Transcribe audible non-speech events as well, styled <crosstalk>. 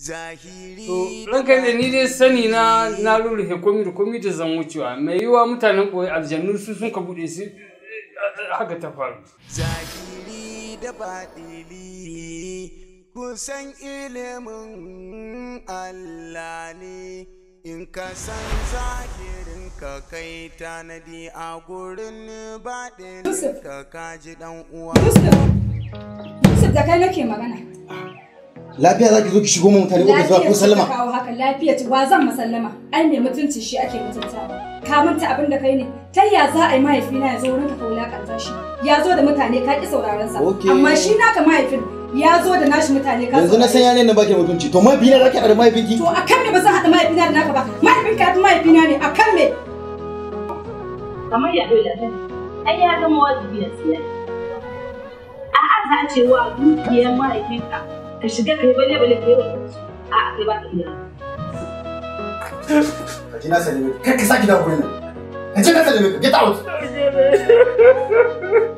zahiri da ni dai sani na na rurrufe komi da komi da zan wucewa mai yiwa mutanen koyi aljannu sun ka bude su haka ta faru zahiri da baɗili ilimin Allah ne in ka san zahirin ka kai tanadi a gurin baɗin ka kaji ɗan uwa Yusuf da kai nake magana lafiya zaki zo ki shigo mun mutane ofis ba ko sallama kawo haka lafiya ci wa zan masallama ai mai mutunci shi ake mutunta. ka manta abin da kai ne ta za a yi mahaifina ya zo wurinka ka wulakanta shi ya zo da mutane ka ki sauraron sa amma shi naka mahaifin ya zo da nashi mutane ka yanzu na san yanayin na baki mutunci to mahaifina ki kake da mahaifinki to akan me ba zan haɗa mahaifina da naka ba mahaifin ka da mahaifina ne akan me kamar ya dole ai ya zama wajibi da tsiyar a'a za a ce wa dukiyar mahaifinka ka shiga ka yi balle balle ka yi wa a a kai ba ka iya ka ji na salime kar ka saki da gurin nan ka ji na salime get out <laughs>